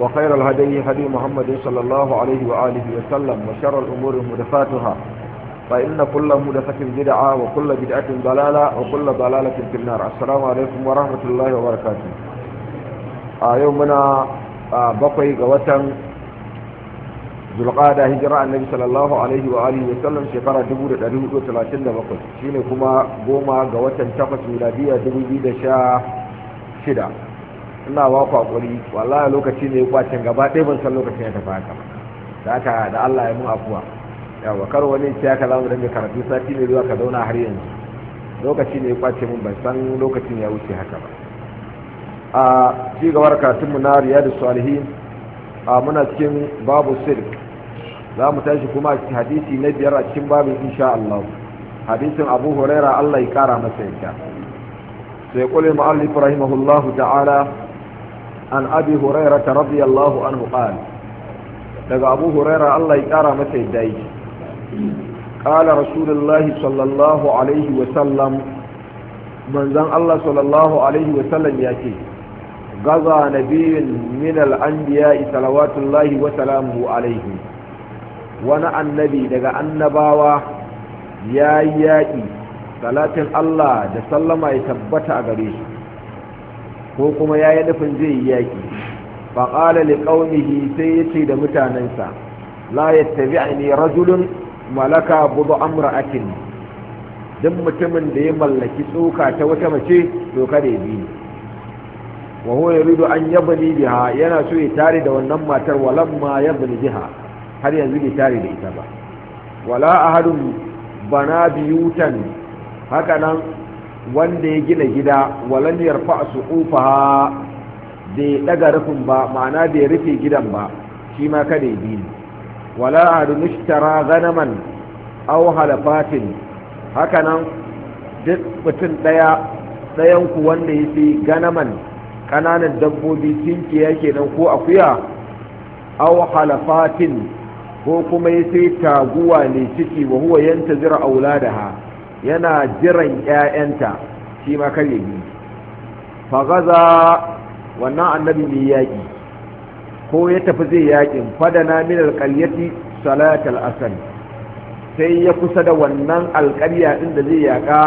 وخير الهدي هدي محمد صلى الله عليه وآله وسلم وشر الأمور مدفاتها فإن كل مدفة بدعة وكل بدعة ضلالة وكل ضلالة في النار السلام عليكم ورحمة الله وبركاته آه يومنا آه بقي قوتا ذو القعدة هجرة النبي صلى الله عليه وآله وسلم شكرا دبور الأريد وثلاثين بقي شيني كما قوما قوتا تقص ميلادية دبور بيد شاء شدا ina ba ku hakuri wallahi lokaci ne ya kwace gaba ɗaya ban san lokacin ya tafi haka da haka da Allah ya mun afuwa yawa kar wani ya ka za mu dinga karatu sati ne zuwa ka zauna har yanzu lokaci ne ya kwace mun ban san lokacin ya wuce haka ba a ci gabar karatun mu na riyadu salihin a muna cikin babu sirk za mu tashi kuma a hadisi na biyar a cikin babin insha Allah hadisin abu huraira Allah ya kara masa yanka sai kulli ma'alli rahimahullahu ta'ala an abi huraira ta radiyallahu anhu qala daga abu huraira Allah ya kara masa yadda yake qala rasulullahi sallallahu alaihi wa sallam manzan Allah sallallahu alaihi wa sallam yake gaza nabiyin min al-anbiya salawatullahi wa salamuhu alaihi wani annabi daga annabawa ya yi yaƙi salatin Allah da sallama ya tabbata a gare shi ko kuma ya yi nufin zai yi yaƙi faƙala li ƙaunihi sai ya ce da mutanensa la ya tabi ne rajulun malaka budu amra akin duk mutumin da ya mallaki tsoka ta wata mace to kada ya bi wa huwa yuridu an yabni biha yana so ya tare da wannan matar walamma yabni biha har yanzu bai tare da ita ba wala ahadun bana biyutan haka nan wanda ya gina gida walan yarfa suqufaha bai daga rufin ba ma'ana bai rufe gidan ba shi ma kada ya bini wala adu ishtara ganaman aw halafatin hakanan duk mutum daya dayan ku wanda ya fi ganaman kananan dabbobi tinkiya kenan ko akuya aw halafatin ko kuma ya sai taguwa ne ciki wa huwa yantazira auladaha yana jiran 'ya'yanta, shi ma kar ya bi fagaza wannan annabi mai yaƙi ko ya tafi zai yaƙin fadana min alƙaryati salatal la'asari. sai ya kusa da wannan alƙarya inda zai yaƙa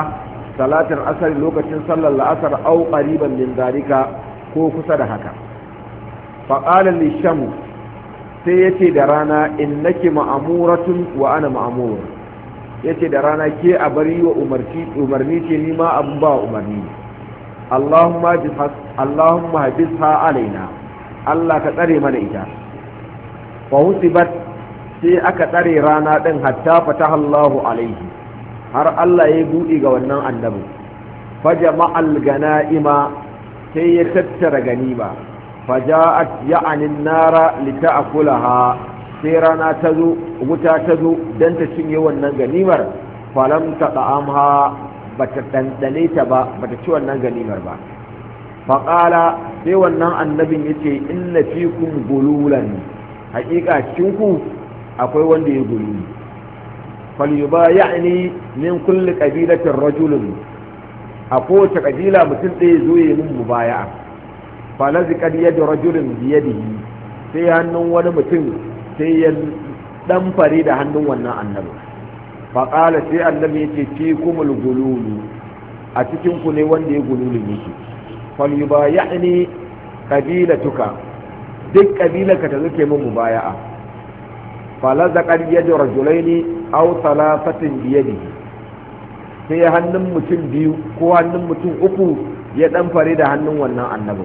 salatar asar lokacin sallar la'asar au ƙariban min zalika ko kusa da haka faƙalar lishamu sai ya ce da rana in nake ma'amuratun wa ana yace da rana ke a bari wa umarni ce ni ma abun ba umarni Allahumma jihas Allahumma alaina Allah ka tsare mana ita fa husibat sai aka tsare rana din hatta fataha Allahu alaihi har Allah ya buɗe ga wannan annabin fajama'al gana'ima sai ya tattara ganima faja'at ya'anin nara lita'kulaha sai rana ta zo wuta ta zo don ta cinye wannan ganimar falam ta ɗa'amha ba ta ɗanɗane ta ba ba ta ci wannan ganimar ba faƙala sai wannan annabin ya ce inna fi kun gululan haƙiƙa cikinku akwai wanda ya gululi falyuba ya'ni min kulli ƙabilatin rajulun a kowace kabila mutum ɗaya zo ya min mubaya falazi kad yadu rajulin biyadihi sai hannun wani mutum sai ya dan fare da hannun wannan annabi faƙala sai annabi ya ce fi kumul gululu a cikin ku ne wanda ya gululu yake falyuba ya ne ƙabilatuka duk ƙabilarka ta zuke min mubaya'a falazakar yadda yadu rajulaini aw talafatin biyadihi sai hannun mutum biyu ko hannun mutum uku ya dan fare da hannun wannan fa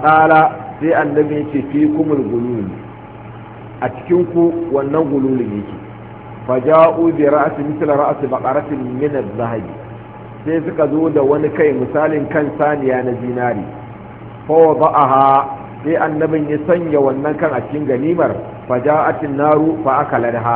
faƙala sai annabi ya ce fi kumul gululu a cikin ku wannan gululin yake ja'u bi ra'si mithl ra'si baqaratin min az-zahabi sai suka zo da wani kai misalin kan saniya na zinari fa wada'aha sai annabin ya sanya wannan kan a cikin ganimar faja'atin naru fa akaladaha